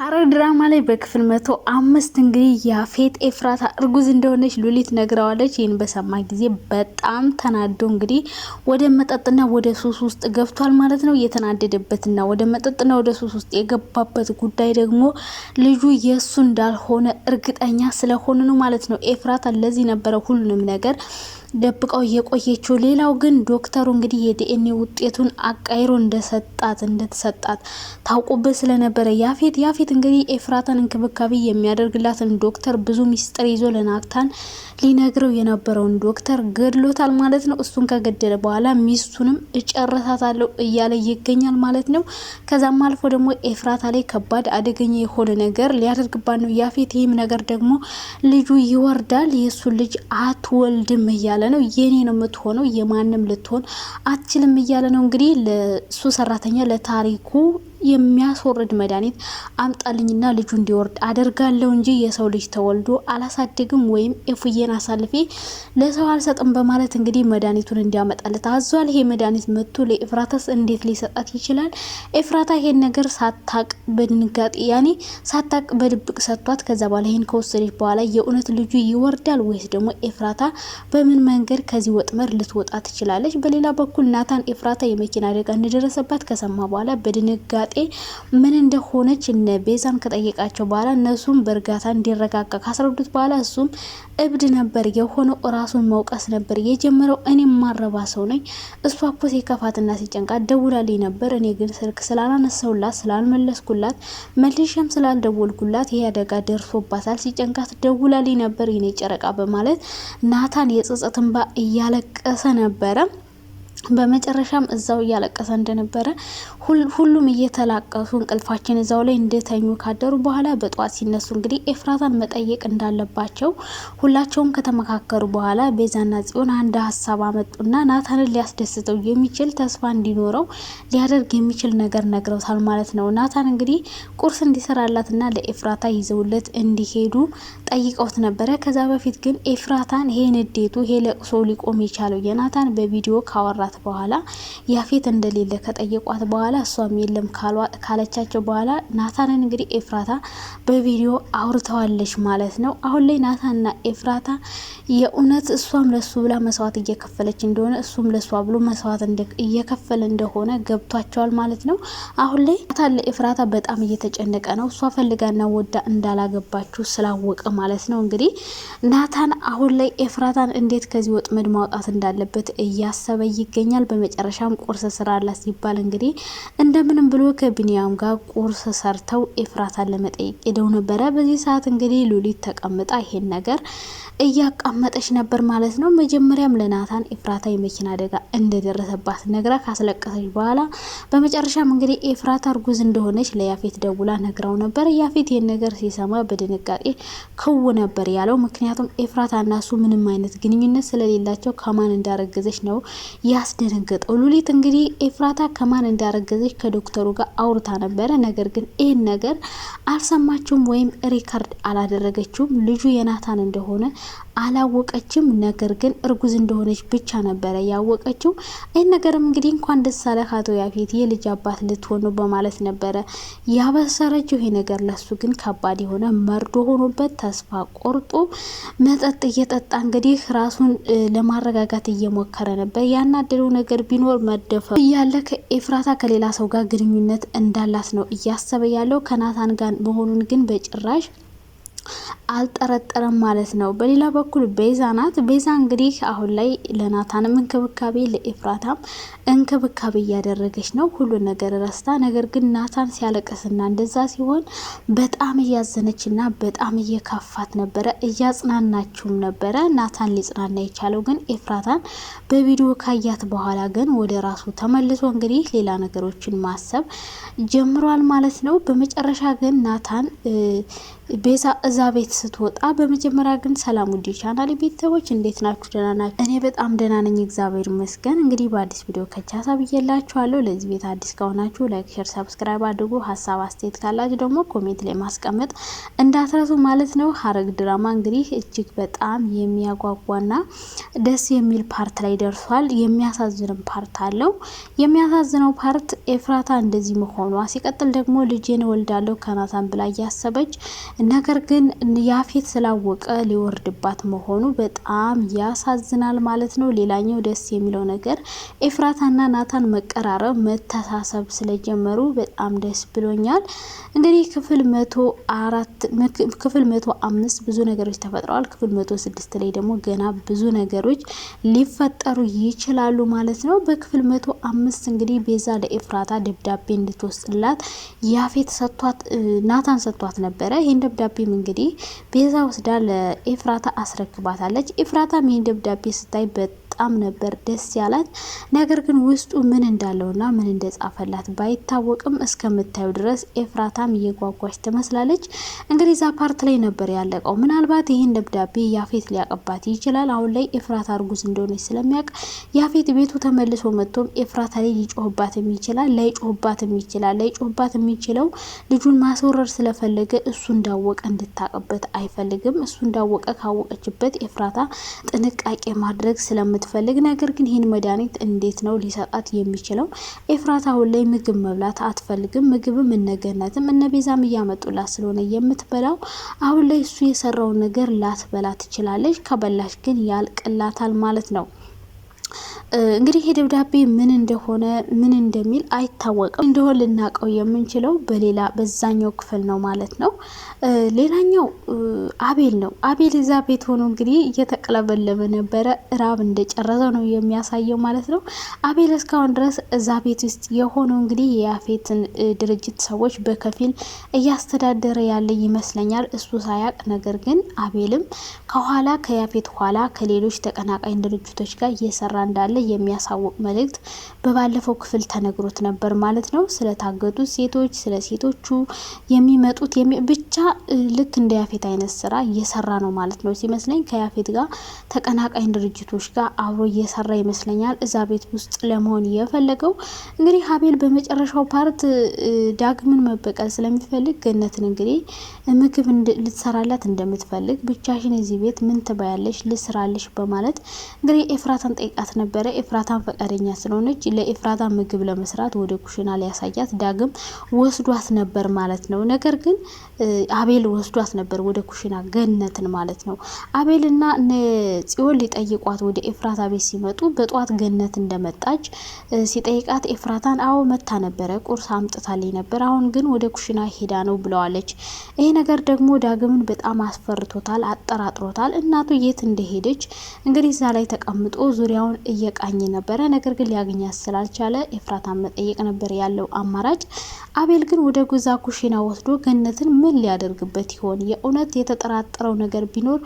ሐረግ ድራማ ላይ በክፍል መቶ አምስት እንግዲህ ያፌት ኤፍራታ እርጉዝ እንደሆነች ሉሊት ነግረዋለች። ይህን በሰማ ጊዜ በጣም ተናዶ እንግዲህ ወደ መጠጥና ወደ ሱስ ውስጥ ገብቷል ማለት ነው። የተናደደበትና ወደ መጠጥና ወደ ሱስ ውስጥ የገባበት ጉዳይ ደግሞ ልጁ የእሱ እንዳልሆነ እርግጠኛ ስለሆነ ነው ማለት ነው። ኤፍራታ ለዚህ ነበረ ሁሉንም ነገር ደብቀው እየቆየችው ሌላው ግን ዶክተሩ እንግዲህ የዲኤንኤ ውጤቱን አቃይሮ እንደሰጣት እንደተሰጣት ታውቁበት ስለነበረ ያፌት ያፌት እንግዲህ ኤፍራታን እንክብካቤ የሚያደርግላትን ዶክተር ብዙ ሚስጥር ይዞ ለናታን ሊነግረው የነበረውን ዶክተር ገድሎታል ማለት ነው። እሱን ከገደለ በኋላ ሚስቱንም እጨረሳታለሁ እያለ ይገኛል ማለት ነው። ከዛም አልፎ ደግሞ ኤፍራታ ላይ ከባድ አደገኛ የሆነ ነገር ሊያደርግባት ነው ያፌት። ይህም ነገር ደግሞ ልጁ ይወርዳል፣ የእሱ ልጅ አትወልድም እያለ እያለ ነው። የኔ ነው የምትሆነው የማንም ልትሆን አትችልም እያለ ነው። እንግዲህ ለእሱ ሰራተኛ ለታሪኩ የሚያስወርድ መድኃኒት አምጣልኝና ልጁ እንዲወርድ አደርጋለሁ እንጂ የሰው ልጅ ተወልዶ አላሳድግም ወይም ኤፉዬን አሳልፌ ለሰው አልሰጥም በማለት እንግዲህ መድኃኒቱን እንዲያመጣለት አዟል። ይሄ መድኃኒት መጥቶ ለኤፍራታስ እንዴት ሊሰጣት ይችላል? ኤፍራታ ይሄን ነገር ሳታቅ በድንጋጤ ያኔ ሳታቅ በድብቅ ሰጥቷት ከዛ በኋላ ይህን ከወሰደች በኋላ የእውነት ልጁ ይወርዳል ወይስ ደግሞ ኤፍራታ በምን መንገድ ከዚህ ወጥመር ልትወጣ ትችላለች? በሌላ በኩል ናታን ኤፍራታ የመኪና አደጋ እንደደረሰባት ከሰማ በኋላ በድንጋ ድንጋጤ ምን እንደሆነች እነ ቤዛን ከጠየቃቸው በኋላ እነሱም በእርጋታ እንዲረጋጋ ካስረዱት በኋላ እሱም እብድ ነበር የሆነው፣ እራሱን መውቀስ ነበር የጀመረው። እኔ ማረባ ሰው ነኝ። እሷ እኮ ሲከፋትና ሲጨንቃት ደውላልኝ ነበር። እኔ ግን ስልክ ስላላነሰውላት ስላልመለስኩላት መልሼም ስላልደወልኩላት ይሄ አደጋ ደርሶባታል። ሲጨንቃት ደውላልኝ ነበር የኔ ጨረቃ በማለት ናታን የጸጸት እንባ እያለቀሰ ነበረ። በመጨረሻም እዛው እያለቀሰ እንደነበረ ሁሉም እየተላቀሱ እንቅልፋችን እዛው ላይ እንደተኙ ካደሩ በኋላ በጠዋት ሲነሱ እንግዲህ ኤፍራታን መጠየቅ እንዳለባቸው ሁላቸውም ከተመካከሩ በኋላ ቤዛና ጽዮን አንድ ሀሳብ አመጡና ናታንን ሊያስደስተው የሚችል ተስፋ እንዲኖረው ሊያደርግ የሚችል ነገር ነግረውታል ማለት ነው። ናታን እንግዲህ ቁርስ እንዲሰራላትና ለኤፍራታ ይዘውለት እንዲሄዱ ጠይቀውት ነበረ። ከዛ በፊት ግን ኤፍራታን ይሄ ንዴቱ ይሄ ለቅሶ ሊቆም የቻለው የናታን በቪዲዮ ካወራ ካሏት በኋላ ያፌት እንደሌለ ከጠየቋት በኋላ እሷም የለም ካለቻቸው በኋላ ናታንን እንግዲህ ኤፍራታ በቪዲዮ አውርተዋለች ማለት ነው። አሁን ላይ ናታንና ኤፍራታ የእውነት እሷም ለሱ ብላ መስዋዕት እየከፈለች እንደሆነ እሱም ለሷ ብሎ መስዋዕት እየከፈለ እንደሆነ ገብቷቸዋል ማለት ነው። አሁን ላይ ናታን ለኤፍራታ በጣም እየተጨነቀ ነው። እሷ ፈልጋና ወዳ እንዳላገባችሁ ስላወቀ ማለት ነው። እንግዲህ ናታን አሁን ላይ ኤፍራታን እንዴት ከዚህ ወጥመድ ማውጣት እንዳለበት እያሰበ ይገኛል። ይገኛል። በመጨረሻም ቁርስ ስራላ ሲባል እንግዲህ እንደምንም ብሎ ከቢኒያም ጋር ቁርስ ሰርተው ኤፍራታን ለመጠየቅ ሄደው ነበረ። በዚህ ሰዓት እንግዲህ ሉሊት ተቀምጣ ይሄን ነገር እያቃመጠች ነበር ማለት ነው። መጀመሪያም ለናታን ኤፍራታ የመኪና አደጋ እንደደረሰባት ነግራ ካስለቀሰች በኋላ በመጨረሻም እንግዲህ ኤፍራታ እርጉዝ እንደሆነች ለያፌት ደውላ ነግራው ነበር። ያፌት ይህን ነገር ሲሰማ በድንጋጤ ክው ነበር ያለው። ምክንያቱም ኤፍራታና እሱ ምንም አይነት ግንኙነት ስለሌላቸው ከማን እንዳረገዘች ነው ያ አስደነገጠው። ሉሊት እንግዲህ ኤፍራታ ከማን እንዳረገዘች ከዶክተሩ ጋር አውርታ ነበረ። ነገር ግን ይህን ነገር አልሰማችውም ወይም ሪካርድ አላደረገችውም። ልጁ የናታን እንደሆነ አላወቀችም። ነገር ግን እርጉዝ እንደሆነች ብቻ ነበረ ያወቀችው። ይህን ነገርም እንግዲህ እንኳን ደስ አለህ አቶ ያፌት የልጅ አባት ልትሆኑ በማለት ነበረ ያበሰረችው። ይሄ ነገር ለሱ ግን ከባድ የሆነ መርዶ ሆኖበት ተስፋ ቆርጦ መጠጥ እየጠጣ እንግዲህ ራሱን ለማረጋጋት እየሞከረ ነበር ያናደ የምትለው ነገር ቢኖር መደፈር እያለ ከኤፍራታ ከሌላ ሰው ጋር ግንኙነት እንዳላት ነው እያሰበ ያለው። ከናታን ጋር መሆኑን ግን በጭራሽ አልጠረጠረም ማለት ነው። በሌላ በኩል ቤዛ ናት። ቤዛ እንግዲህ አሁን ላይ ለናታንም እንክብካቤ ለኤፍራታም እንክብካቤ እያደረገች ነው፣ ሁሉ ነገር ረስታ። ነገር ግን ናታን ሲያለቅስና እንደዛ ሲሆን በጣም እያዘነች በጣም እየካፋት ነበረ፣ እያጽናናችውም ነበረ። ናታን ሊጽናና የቻለው ግን ኤፍራታን በቪዲዮ ካያት በኋላ ግን ወደ ራሱ ተመልሶ እንግዲህ ሌላ ነገሮችን ማሰብ ጀምሯል ማለት ነው። በመጨረሻ ግን ናታን ቤዛ እዛ ቤት ስትወጣ በመጀመሪያ ግን ሰላም ውድ ቻናል ቤተሰቦች እንዴት ናችሁ? ደህና ናችሁ? እኔ በጣም ደህና ነኝ፣ እግዚአብሔር ይመስገን። እንግዲህ በአዲስ ቪዲዮ ከቻ ሀሳብ እየላችኋለሁ። ለዚህ ቤት አዲስ ከሆናችሁ ላይክ፣ ሸር፣ ሰብስክራይብ አድርጉ። ሀሳብ አስተያየት ካላችሁ ደግሞ ኮሜንት ላይ ማስቀመጥ እንዳትረሱ ማለት ነው። ሀረግ ድራማ እንግዲህ እጅግ በጣም የሚያጓጓና ደስ የሚል ፓርት ላይ ደርሷል። የሚያሳዝንም ፓርት አለው። የሚያሳዝነው ፓርት ኤፍራታ እንደዚህ መሆኗ፣ ሲቀጥል ደግሞ ልጄን ወልዳለሁ ከናታን ብላ እያሰበች ነገር ግን ያፌት ስላወቀ ሊወርድባት መሆኑ በጣም ያሳዝናል ማለት ነው። ሌላኛው ደስ የሚለው ነገር ኤፍራታና ናታን መቀራረብ፣ መተሳሰብ ስለጀመሩ በጣም ደስ ብሎኛል። እንግዲህ ክፍል መቶ አራት ክፍል መቶ አምስት ብዙ ነገሮች ተፈጥረዋል። ክፍል መቶ ስድስት ላይ ደግሞ ገና ብዙ ነገሮች ሊፈጠሩ ይችላሉ ማለት ነው። በክፍል መቶ አምስት እንግዲህ ቤዛ ለኤፍራታ ደብዳቤ እንድትወስድላት ያፌት ሰጥቷት ናታን ሰጥቷት ነበረ ይህን ደብዳቤም እንግዲህ ቤዛ ወስዳ ለኤፍራታ አስረክባታለች። ኤፍራታም ይህን ደብዳቤ ስታይ በጣም ነበር ደስ ያላት። ነገር ግን ውስጡ ምን እንዳለውና ምን እንደጻፈላት ባይታወቅም እስከምታዩ ድረስ ኤፍራታም እየጓጓች ትመስላለች። እንግዲህ ዛ ፓርት ላይ ነበር ያለቀው። ምናልባት ይህን ደብዳቤ ያፌት ሊያቀባት ይችላል። አሁን ላይ ኤፍራታ እርጉዝ እንደሆነች ስለሚያውቅ ያፌት ቤቱ ተመልሶ መጥቶም ኤፍራታ ላይ ሊጮህባትም ይችላል፣ ላይጮህባትም ይችላል። ላይጮህባት የሚችለው ልጁን ማስወረር ስለፈለገ እሱ እንዳወቀ እንድታቅበት አይፈልግም። እሱ እንዳወቀ ካወቀችበት ኤፍራታ ጥንቃቄ ማድረግ ስለምት ስለማትፈልግ ነገር ግን ይህን መድኃኒት እንዴት ነው ሊሰጣት የሚችለው? ኤፍራት አሁን ላይ ምግብ መብላት አትፈልግም። ምግብም እነገነትም እነ ቤዛም እያመጡላት ስለሆነ የምትበላው አሁን ላይ እሱ የሰራውን ነገር ላትበላ ትችላለች። ከበላሽ ግን ያልቅላታል ማለት ነው። እንግዲህ ይሄ ደብዳቤ ምን እንደሆነ ምን እንደሚል አይታወቅም። እንደሆን ልናውቀው የምንችለው በሌላ በዛኛው ክፍል ነው ማለት ነው። ሌላኛው አቤል ነው። አቤል እዛ ቤት ሆኖ እንግዲህ እየተቀለበለበ ነበረ። ራብ እንደጨረሰው ነው የሚያሳየው ማለት ነው። አቤል እስካሁን ድረስ እዛ ቤት ውስጥ የሆነው እንግዲህ የያፌትን ድርጅት ሰዎች በከፊል እያስተዳደረ ያለ ይመስለኛል እሱ ሳያቅ። ነገር ግን አቤልም ከኋላ ከያፌት ኋላ ከሌሎች ተቀናቃኝ ድርጅቶች ጋር እየሰራ ኪሳራ እንዳለ የሚያሳውቅ መልእክት በባለፈው ክፍል ተነግሮት ነበር ማለት ነው። ስለታገቱት ሴቶች፣ ስለ ሴቶቹ የሚመጡት ብቻ ልክ እንደ ያፌት አይነት ስራ እየሰራ ነው ማለት ነው ሲመስለኝ። ከያፌት ጋር ተቀናቃኝ ድርጅቶች ጋር አብሮ እየሰራ ይመስለኛል እዛ ቤት ውስጥ ለመሆን የፈለገው እንግዲህ ሀቤል በመጨረሻው ፓርት ዳግምን መበቀል ስለሚፈልግ ገነትን እንግዲህ ምግብ ልትሰራላት እንደምትፈልግ ብቻሽን እዚህ ቤት ምን ትበያለሽ ልስራለሽ በማለት እንግዲህ ኤፍራታን ጠይቃት ጠይቃት ነበረ። ኤፍራታን ፈቃደኛ ስለሆነች ለኤፍራታ ምግብ ለመስራት ወደ ኩሽና ሊያሳያት ዳግም ወስዷት ነበር ማለት ነው። ነገር ግን አቤል ወስዷት ነበር ወደ ኩሽና ገነትን ማለት ነው። አቤልና ጽዮን ሊጠይቋት ወደ ኤፍራታ ቤት ሲመጡ በጠዋት ገነት እንደመጣች ሲጠይቃት ኤፍራታን አዎ መታ ነበረ፣ ቁርስ አምጥታልኝ ነበር፣ አሁን ግን ወደ ኩሽና ሄዳ ነው ብለዋለች። ይሄ ነገር ደግሞ ዳግምን በጣም አስፈርቶታል፣ አጠራጥሮታል። እናቱ የት እንደሄደች እንግዲህ እዛ ላይ ተቀምጦ ዙሪያውን እየቃኝ ነበረ። ነገር ግን ሊያገኛት ስላልቻለ ኤፍራታን መጠየቅ ነበር ያለው አማራጭ። አቤል ግን ወደ ጉዛ ኩሽና ወስዶ ገነትን ምን ሊያደርግበት ይሆን? የእውነት የተጠራጠረው ነገር ቢኖር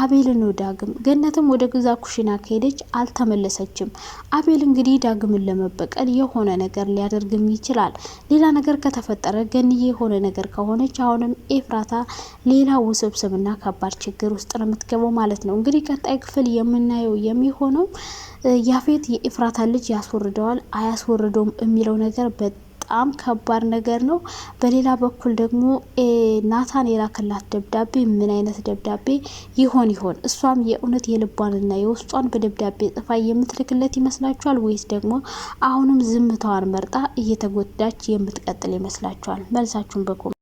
አቤልን ነው ዳግም። ገነትም ወደ ጉዛ ኩሽና ከሄደች አልተመለሰችም። አቤል እንግዲህ ዳግምን ለመበቀል የሆነ ነገር ሊያደርግም ይችላል። ሌላ ነገር ከተፈጠረ ገንዬ የሆነ ነገር ከሆነች አሁንም ኤፍራታ ሌላ ውስብስብና ከባድ ችግር ውስጥ ነው የምትገባው ማለት ነው። እንግዲህ ቀጣይ ክፍል የምናየው የሚሆነው ያፌት የኤፍራታ ልጅ ያስወርደዋል አያስወርደውም የሚለው ነገር በጣም ከባድ ነገር ነው። በሌላ በኩል ደግሞ ናታን የላከላት ደብዳቤ ምን አይነት ደብዳቤ ይሆን ይሆን? እሷም የእውነት የልቧንና የውስጧን በደብዳቤ ጽፋ የምትልክለት ይመስላችኋል? ወይስ ደግሞ አሁንም ዝምታዋን መርጣ እየተጎዳች የምትቀጥል ይመስላችኋል? መልሳችሁን በኮ